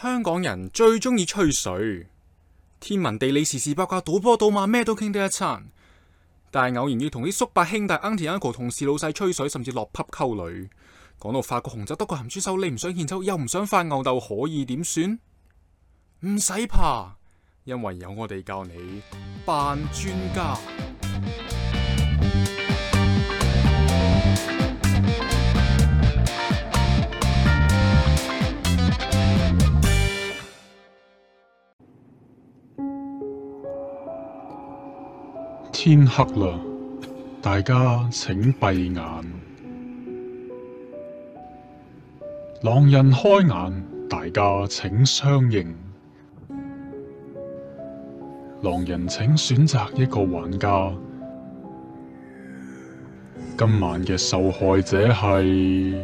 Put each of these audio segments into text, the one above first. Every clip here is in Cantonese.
香港人最中意吹水，天文地理、時事八卦、賭波賭馬，咩都傾得一餐。但係偶然要同啲叔伯兄弟 auntie uncle 同事老細吹水，甚至落魄溝女，講到法國紅酒、德國鹹豬手，你唔想獻醜又唔想發牛痘，可以點算？唔使怕，因為有我哋教你扮專家。天黑啦，大家請閉眼。狼人開眼，大家請相認。狼人請選擇一個玩家。今晚嘅受害者係。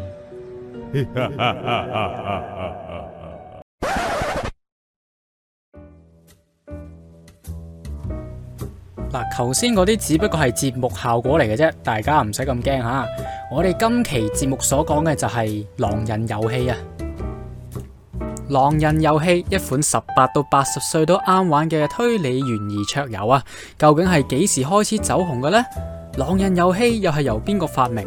嗱，頭先嗰啲只不過係節目效果嚟嘅啫，大家唔使咁驚吓。我哋今期節目所講嘅就係狼人遊戲啊，狼人遊戲一款十八到八十歲都啱玩嘅推理懸疑桌遊啊。究竟係幾時開始走紅嘅呢？狼人遊戲又係由邊個發明？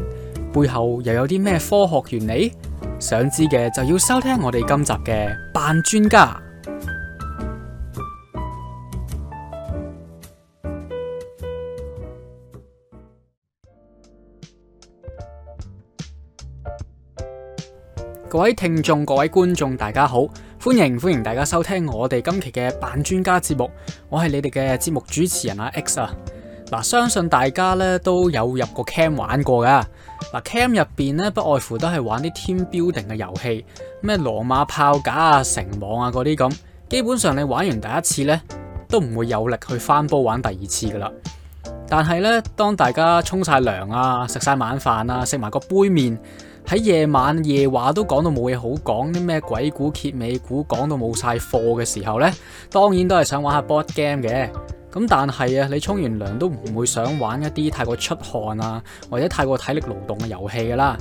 背後又有啲咩科學原理？想知嘅就要收聽我哋今集嘅扮專家。各位聽眾、各位觀眾，大家好，歡迎歡迎大家收聽我哋今期嘅扮專家節目，我係你哋嘅節目主持人阿 X 啊，嗱，相信大家咧都有入過 cam 玩過噶，嗱 cam 入邊咧不外乎都係玩啲 team building 嘅遊戲，咩羅馬炮架啊、城網啊嗰啲咁，基本上你玩完第一次咧，都唔會有力去翻煲玩第二次噶啦，但係咧當大家沖晒涼啊、食晒晚飯啊、食埋個杯麵。喺夜晚夜話都講到冇嘢好講，啲咩鬼故、揭尾故講到冇晒貨嘅時候呢，當然都係想玩下 board game 嘅。咁但係啊，你沖完涼都唔會想玩一啲太過出汗啊，或者太過體力勞動嘅遊戲噶啦。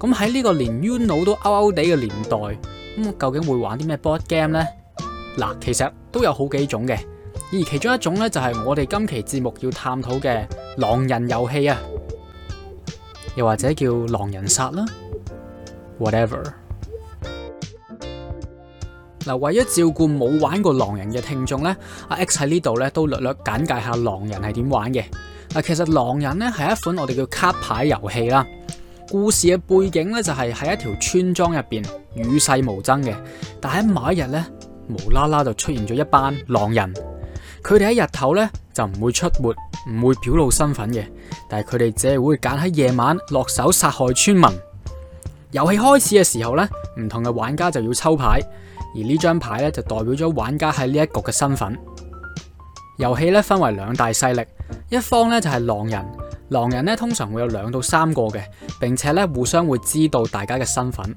咁喺呢個連 UNO 都勾勾地嘅年代，咁究竟會玩啲咩 board game 呢？嗱，其實都有好幾種嘅，而其中一種呢，就係我哋今期節目要探討嘅狼人遊戲啊，又或者叫狼人殺啦。whatever。嗱，為咗照顧冇玩過狼人嘅聽眾呢，阿 X 喺呢度咧都略略簡介下狼人係點玩嘅。嗱，其實狼人呢係一款我哋叫卡牌遊戲啦。故事嘅背景呢就係喺一條村莊入邊與世無爭嘅，但喺某一日呢，無啦啦就出現咗一班狼人。佢哋喺日頭呢就唔會出沒，唔會表露身份嘅，但係佢哋只係會揀喺夜晚落手殺害村民。遊戲開始嘅時候咧，唔同嘅玩家就要抽牌，而呢張牌咧就代表咗玩家喺呢一局嘅身份。遊戲咧分為兩大勢力，一方咧就係狼人，狼人咧通常會有兩到三個嘅，並且咧互相會知道大家嘅身份。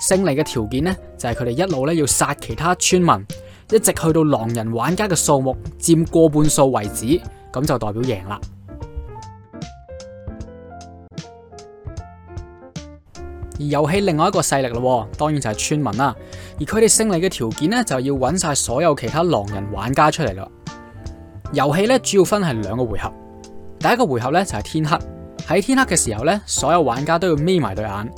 勝利嘅條件咧就係佢哋一路咧要殺其他村民，一直去到狼人玩家嘅數目佔過半數為止，咁就代表贏啦。而遊戲另外一個勢力咯，當然就係村民啦。而佢哋勝利嘅條件咧，就要揾晒所有其他狼人玩家出嚟啦。遊戲咧主要分係兩個回合，第一個回合咧就係天黑。喺天黑嘅時候咧，所有玩家都要眯埋對眼，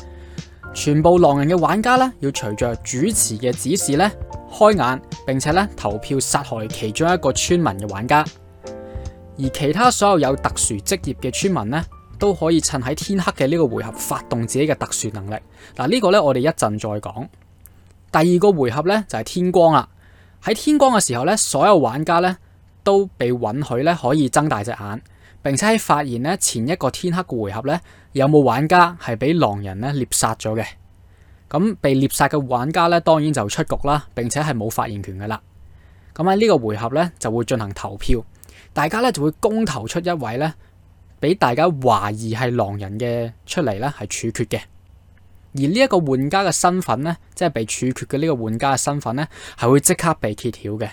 全部狼人嘅玩家咧要隨着主持嘅指示咧開眼，並且咧投票殺害其中一個村民嘅玩家。而其他所有有特殊職業嘅村民咧都可以趁喺天黑嘅呢個回合發動自己嘅特殊能力。嗱，呢個呢，我哋一陣再講。第二個回合呢，就係天光啦。喺天光嘅時候呢，所有玩家呢，都被允許呢可以睜大隻眼，並且喺發現呢，前一個天黑嘅回合呢，有冇玩家係俾狼人呢獵殺咗嘅？咁被獵殺嘅玩家呢，當然就出局啦，並且係冇發言權噶啦。咁喺呢個回合呢，就會進行投票，大家呢就會公投出一位呢。俾大家懷疑係狼人嘅出嚟咧，係處決嘅。而呢一個玩家嘅身份咧，即係被處決嘅呢個玩家嘅身份咧，係會即刻被揭曉嘅。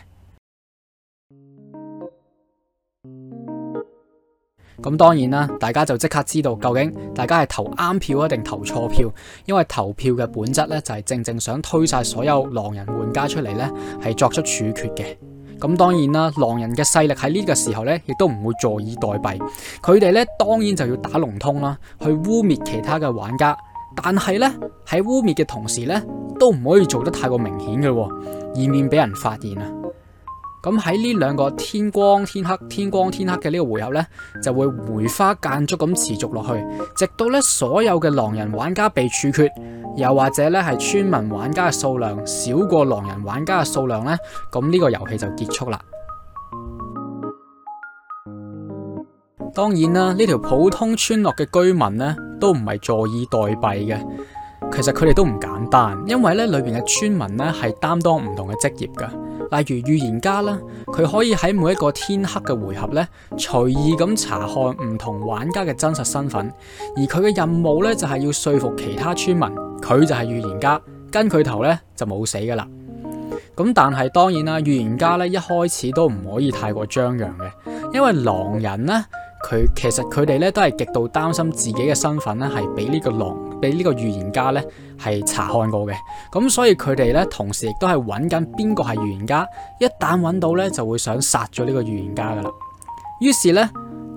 咁當然啦，大家就即刻知道究竟大家係投啱票啊，定投錯票？因為投票嘅本質咧，就係正正想推晒所有狼人玩家出嚟咧，係作出處決嘅。咁當然啦，狼人嘅勢力喺呢個時候呢，亦都唔會坐以待斃，佢哋呢，當然就要打龍通啦，去污蔑其他嘅玩家。但係呢，喺污蔑嘅同時呢，都唔可以做得太過明顯嘅，以免俾人發現啊！咁喺呢兩個天光天黑、天光天黑嘅呢個回合呢，就會梅花間竹咁持續落去，直到呢所有嘅狼人玩家被處決。又或者咧，係村民玩家嘅數量少過狼人玩家嘅數量咧，咁呢個遊戲就結束啦。當然啦，呢條普通村落嘅居民咧，都唔係坐以待斃嘅。其實佢哋都唔簡單，因為咧裏邊嘅村民咧，係擔當唔同嘅職業嘅。例如預言家啦，佢可以喺每一個天黑嘅回合咧，隨意咁查看唔同玩家嘅真實身份，而佢嘅任務咧就係要說服其他村民佢就係預言家，跟佢頭咧就冇死噶啦。咁但係當然啦，預言家咧一開始都唔可以太過張揚嘅，因為狼人呢，佢其實佢哋咧都係極度擔心自己嘅身份咧係俾呢個狼俾呢個預言家咧係查看過嘅，咁所以佢哋咧同時亦都係揾緊邊個係預言家，一旦揾到咧就會想殺咗呢個預言家㗎喇。於是咧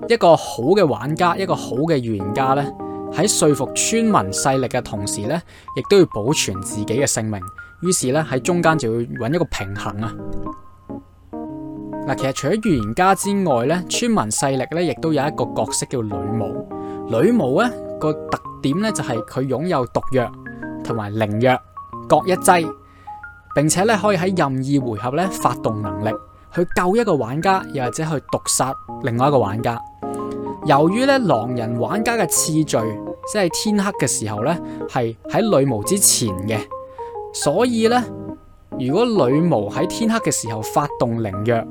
一個好嘅玩家，一個好嘅預言家咧喺說服村民勢力嘅同時咧，亦都要保存自己嘅性命。於是咧喺中間就要揾一個平衡啊。嗱，其實除咗預言家之外咧，村民勢力咧亦都有一個角色叫女巫。女巫咧個特點咧就係佢擁有毒藥同埋靈藥各一劑，並且咧可以喺任意回合咧發動能力去救一個玩家，又或者去毒殺另外一個玩家。由於咧狼人玩家嘅次序即係、就是、天黑嘅時候咧係喺女巫之前嘅，所以咧如果女巫喺天黑嘅時候發動靈藥。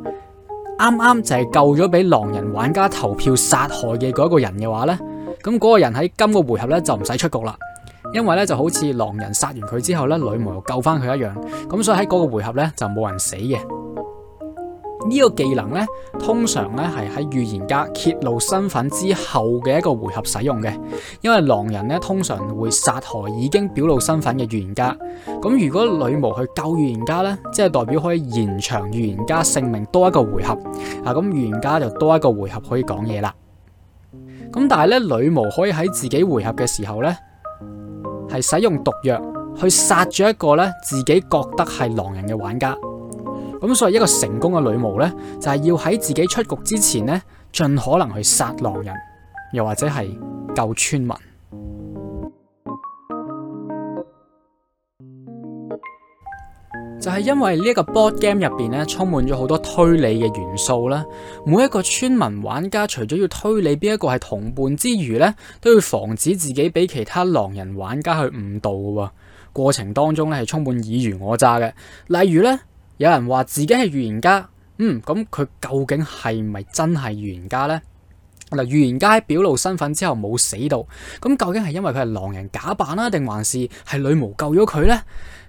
啱啱就係救咗俾狼人玩家投票殺害嘅嗰一個人嘅話呢，咁、那、嗰個人喺今個回合呢就唔使出局啦，因為呢就好似狼人殺完佢之後呢，女巫又救翻佢一樣，咁所以喺嗰個回合呢就冇人死嘅。呢個技能呢，通常呢係喺預言家揭露身份之後嘅一個回合使用嘅，因為狼人呢，通常會殺害已經表露身份嘅預言家。咁如果女巫去救預言家呢，即係代表可以延長預言家性命多一個回合。嗱，咁預言家就多一個回合可以講嘢啦。咁但係呢，女巫可以喺自己回合嘅時候呢，係使用毒藥去殺咗一個呢自己覺得係狼人嘅玩家。咁所以一個成功嘅女巫呢，就係要喺自己出局之前呢，盡可能去殺狼人，又或者係救村民。 就係因為呢個 board game 入邊呢，充滿咗好多推理嘅元素啦。每一個村民玩家除咗要推理邊一個係同伴之餘呢，都要防止自己俾其他狼人玩家去誤導嘅過程當中呢，係充滿爾虞我詐嘅。例如呢。有人話自己係預言家，嗯，咁佢究竟係咪真係預言家呢？嗱，預言家喺表露身份之後冇死到，咁究竟係因為佢係狼人假扮啦，定還是係女巫救咗佢呢？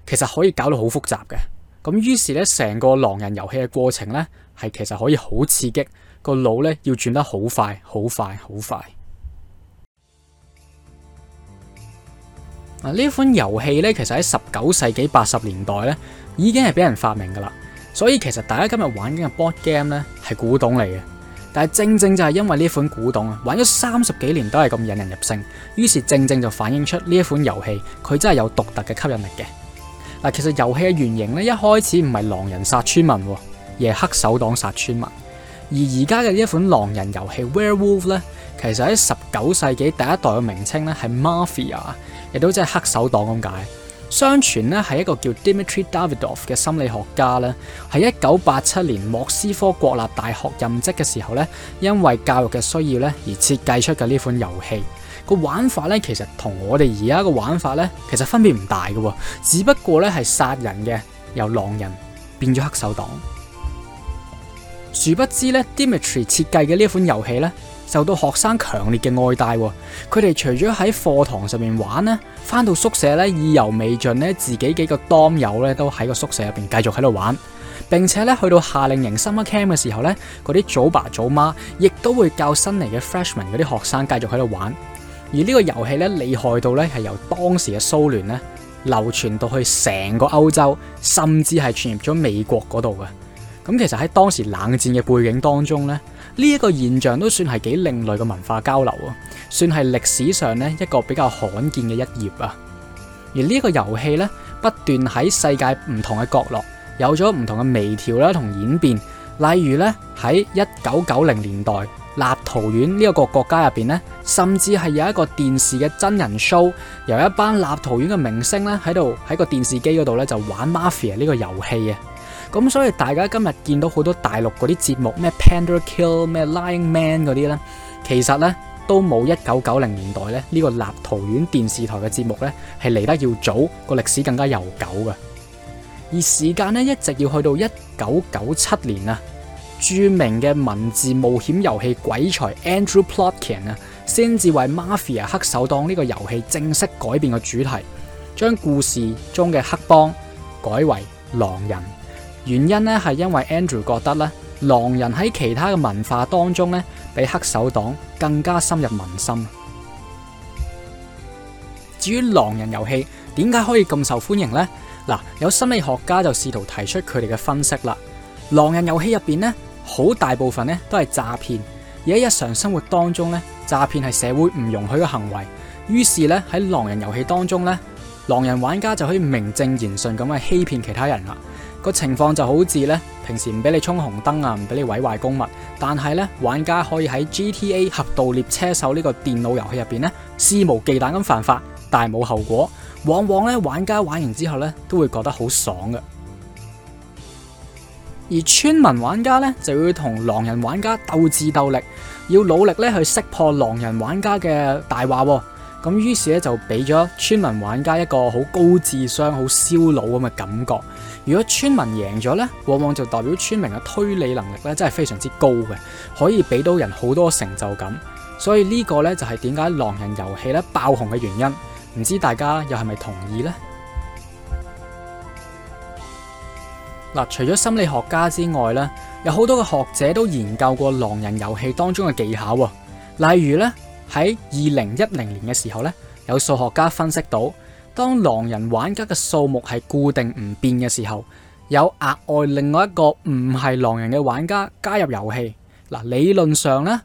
其實可以搞到好複雜嘅，咁於是呢，成個狼人遊戲嘅過程呢，係其實可以好刺激，個腦呢要轉得好快，好快，好快。嗱，呢款遊戲呢，其實喺十九世紀八十年代呢。已經係俾人發明噶啦，所以其實大家今日玩緊嘅 board game 咧，係古董嚟嘅。但係正正就係因為呢款古董啊，玩咗三十幾年都係咁引人入勝，於是正正就反映出呢一款遊戲佢真係有獨特嘅吸引力嘅。嗱，其實遊戲嘅原型咧，一開始唔係狼人殺村民，而係黑手黨殺村民。而而家嘅呢一款狼人遊戲 Werewolf 咧，其實喺十九世紀第一代嘅名稱咧係 Mafia，亦都即係黑手黨咁解。相傳咧係一個叫 Dimitri Davidoff 嘅心理學家啦，喺一九八七年莫斯科國立大學任職嘅時候咧，因為教育嘅需要咧而設計出嘅呢款遊戲個玩法咧，其實同我哋而家嘅玩法咧其實分別唔大嘅，只不過咧係殺人嘅由狼人變咗黑手黨，殊不知咧 Dimitri 設計嘅呢款遊戲咧，受到學生強烈嘅愛戴喎，佢哋除咗喺課堂上面玩咧，返到宿舍咧意猶未盡咧，自己幾個 dorm 友咧都喺個宿舍入邊繼續喺度玩。並且咧去到夏令營 summer camp 嘅時候咧，嗰啲祖爸祖媽亦都會教新嚟嘅 freshman 嗰啲學生繼續喺度玩。而呢個遊戲咧厲害到咧係由當時嘅蘇聯咧流傳到去成個歐洲，甚至係傳入咗美國嗰度嘅。咁其實喺當時冷戰嘅背景當中咧，呢、這、一個現象都算係幾另類嘅文化交流啊，算係歷史上咧一個比較罕見嘅一頁啊。而呢一個遊戲咧，不斷喺世界唔同嘅角落有咗唔同嘅微調啦同演變。例如咧喺一九九零年代立陶宛呢一個國家入邊咧，甚至係有一個電視嘅真人 show，由一班立陶宛嘅明星咧喺度喺個電視機嗰度咧就玩 mafia 呢個遊戲啊。咁所以大家今日見到好多大陸嗰啲節目，咩《Panda Kill》、咩《Lying Man》嗰啲咧，其實咧都冇一九九零年代咧呢個立陶宛電視台嘅節目咧係嚟得要早，個歷史更加悠久嘅。而時間咧一直要去到一九九七年啊，著名嘅文字冒險遊戲《鬼才 Andrew Plotkin》啊，先至為《Mafia 黑手黨》呢個遊戲正式改變個主題，將故事中嘅黑幫改為狼人。原因咧係因為 Andrew 覺得咧，狼人喺其他嘅文化當中咧，比黑手黨更加深入民心。至於狼人遊戲點解可以咁受歡迎呢？嗱，有心理學家就試圖提出佢哋嘅分析啦。狼人遊戲入邊咧，好大部分咧都係詐騙。而喺日常生活當中咧，詐騙係社會唔容許嘅行為。於是咧喺狼人遊戲當中咧，狼人玩家就可以名正言順咁去欺騙其他人啦。個情況就好似咧，平時唔俾你衝紅燈啊，唔俾你毀壞公物，但係咧玩家可以喺 GTA 俠盜獵車手呢個電腦遊戲入邊咧肆無忌憚咁犯法，但係冇後果。往往咧玩家玩完之後咧都會覺得好爽嘅。而村民玩家咧就要同狼人玩家鬥智鬥力，要努力咧去識破狼人玩家嘅大話。咁於是咧就俾咗村民玩家一個好高智商、好燒腦咁嘅感覺。如果村民贏咗呢，往往就代表村民嘅推理能力咧真係非常之高嘅，可以俾到人好多成就感。所以呢個呢，就係點解狼人遊戲咧爆紅嘅原因。唔知大家又係咪同意呢？嗱，除咗心理學家之外呢，有好多嘅學者都研究過狼人遊戲當中嘅技巧喎，例如呢。喺二零一零年嘅時候咧，有數學家分析到，當狼人玩家嘅數目係固定唔變嘅時候，有額外另外一個唔係狼人嘅玩家加入遊戲，嗱，理論上咧。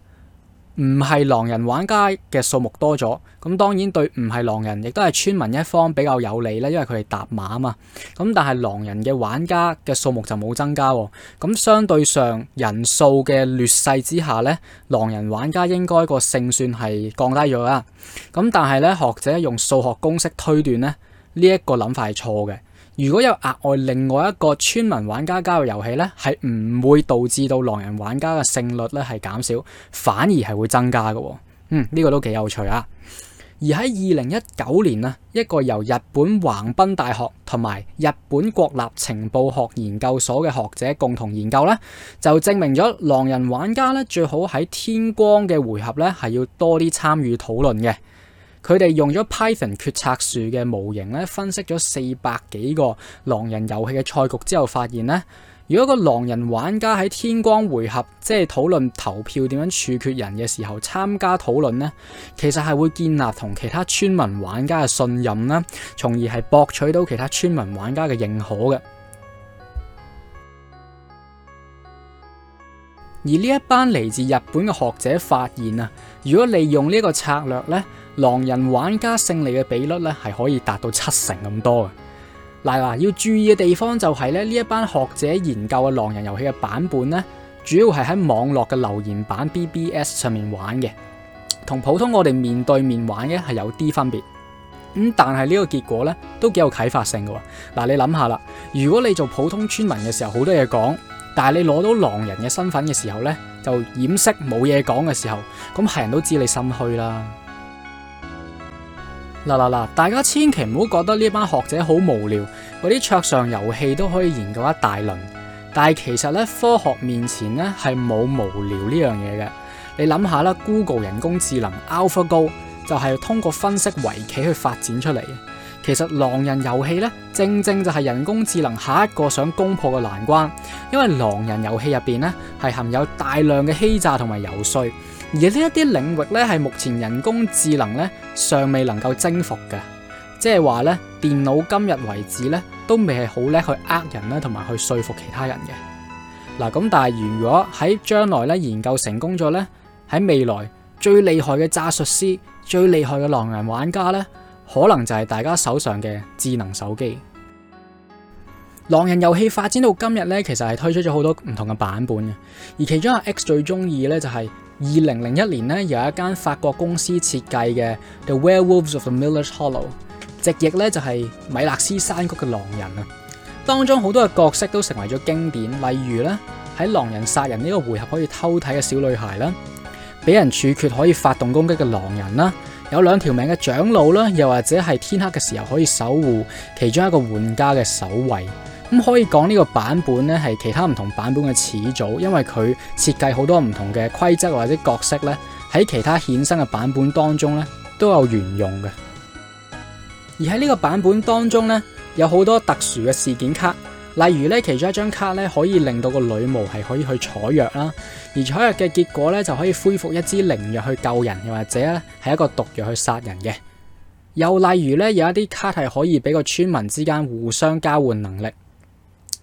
唔係狼人玩家嘅數目多咗，咁當然對唔係狼人，亦都係村民一方比較有利啦，因為佢哋搭馬啊嘛。咁但係狼人嘅玩家嘅數目就冇增加，咁相對上人數嘅劣勢之下呢，狼人玩家應該個勝算係降低咗啦。咁但係呢，學者用數學公式推斷呢，呢一個諗法係錯嘅。如果有額外另外一個村民玩家加入遊戲咧，係唔會導致到狼人玩家嘅勝率咧係減少，反而係會增加嘅、哦。嗯，呢、呢個都幾有趣啊！而喺二零一九年啊，一個由日本橫濱大學同埋日本國立情報學研究所嘅學者共同研究咧，就證明咗狼人玩家咧最好喺天光嘅回合咧係要多啲參與討論嘅。佢哋用咗 Python 決策樹嘅模型咧，分析咗四百幾個狼人遊戲嘅賽局之後，發現咧，如果個狼人玩家喺天光回合即係討論投票點樣處決人嘅時候參加討論咧，其實係會建立同其他村民玩家嘅信任啦，從而係博取到其他村民玩家嘅認可嘅。而呢一班嚟自日本嘅學者發現啊，如果利用呢個策略咧，狼人玩家勝利嘅比率咧係可以達到七成咁多嘅。嗱，嗱，要注意嘅地方就係咧，呢一班學者研究嘅狼人遊戲嘅版本咧，主要係喺網絡嘅留言板 BBS 上面玩嘅，同普通我哋面對面玩嘅係有啲分別。咁但係呢個結果咧都幾有啟發性嘅。嗱，你諗下啦，如果你做普通村民嘅時候好多嘢講，但係你攞到狼人嘅身份嘅時候咧，就掩飾冇嘢講嘅時候，咁係人都知你心虛啦。嗱嗱嗱！大家千祈唔好覺得呢班學者好無聊，嗰啲桌上遊戲都可以研究一大輪。但係其實咧，科學面前咧係冇無聊呢樣嘢嘅。你諗下啦，Google 人工智能 AlphaGo 就係要通過分析圍棋去發展出嚟嘅。其實狼人遊戲咧，正正就係人工智能下一個想攻破嘅難關，因為狼人遊戲入邊咧係含有大量嘅欺詐同埋遊說。而呢一啲領域咧，係目前人工智能咧尚未能夠征服嘅，即係話咧，電腦今日為止咧都未係好叻去呃人啦，同埋去說服其他人嘅。嗱，咁但係如果喺將來咧研究成功咗咧，喺未來最厲害嘅詐術師、最厲害嘅狼人玩家咧，可能就係大家手上嘅智能手機。狼人遊戲發展到今日咧，其實係推出咗好多唔同嘅版本嘅，而其中阿 X 最中意咧就係、是。二零零一年咧，有一間法國公司設計嘅《The Werewolves of the Miller's Hollow》，直譯咧就係米勒斯山谷嘅狼人啊。當中好多嘅角色都成為咗經典，例如咧喺狼人殺人呢個回合可以偷睇嘅小女孩啦，俾人處決可以發動攻擊嘅狼人啦，有兩條命嘅長老啦，又或者係天黑嘅時候可以守護其中一個玩家嘅守衛。咁可以講呢個版本咧係其他唔同版本嘅始祖，因為佢設計好多唔同嘅規則或者角色呢，喺其他衍生嘅版本當中都有沿用嘅。而喺呢個版本當中呢，有好多特殊嘅事件卡，例如呢其中一張卡呢，可以令到個女巫係可以去採藥啦，而採藥嘅結果呢，就可以恢復一支靈藥去救人，又或者咧係一個毒藥去殺人嘅。又例如呢，有一啲卡係可以俾個村民之間互相交換能力。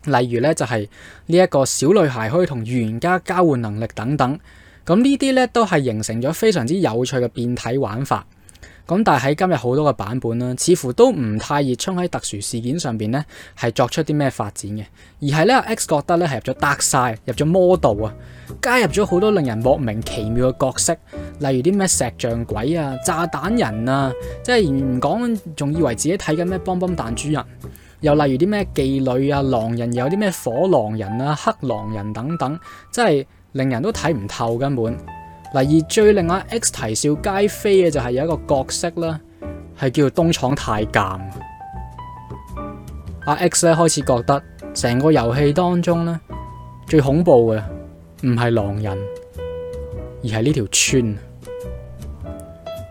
例如咧就係呢一個小女孩可以同預言家交換能力等等，咁呢啲咧都係形成咗非常之有趣嘅變體玩法。咁但係喺今日好多嘅版本啦，似乎都唔太熱衷喺特殊事件上邊咧係作出啲咩發展嘅，而係咧 X 覺得咧係入咗 dark side，入咗魔道啊，加入咗好多令人莫名其妙嘅角色，例如啲咩石像鬼啊、炸彈人啊，即係唔講仲以為自己睇緊咩邦邦彈珠人。又例如啲咩妓女啊、狼人，又有啲咩火狼人啊、黑狼人等等，真係令人都睇唔透根本。嗱，而最令阿 X 啼笑皆非嘅就係有一個角色啦，係叫做東廠太監。阿 X 咧開始覺得，成個遊戲當中咧最恐怖嘅唔係狼人，而係呢條村。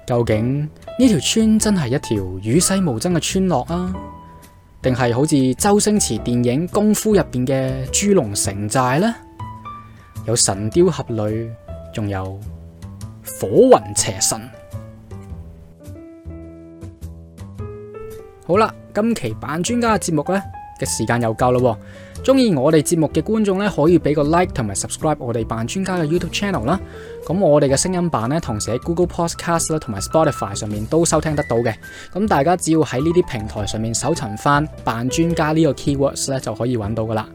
究竟呢條村真係一條與世無爭嘅村落啊？定係好似周星馳電影《功夫》入邊嘅豬龍城寨呢？有神雕俠侶，仲有火雲邪神。好啦，今期扮專家嘅節目呢，嘅時間又夠啦。中意我哋節目嘅觀眾咧，可以俾個 like 同埋 subscribe 我哋扮專家嘅 YouTube channel 啦。咁我哋嘅聲音版咧，同時喺 Google Podcast 啦，同埋 Spotify 上面都收聽得到嘅。咁大家只要喺呢啲平台上面搜尋翻“扮專家”呢個 keywords 咧，就可以揾到噶啦。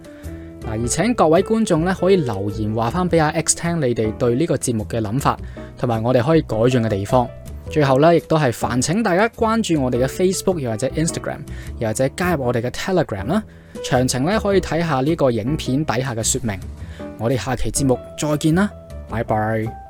嗱，而請各位觀眾咧可以留言話翻俾阿 X 聽，你哋對呢個節目嘅諗法，同埋我哋可以改進嘅地方。最後咧，亦都係煩請大家關注我哋嘅 Facebook，又或者 Instagram，又或者加入我哋嘅 Telegram 啦。詳情可以睇下呢個影片底下嘅說明，我哋下期節目再見啦，拜拜。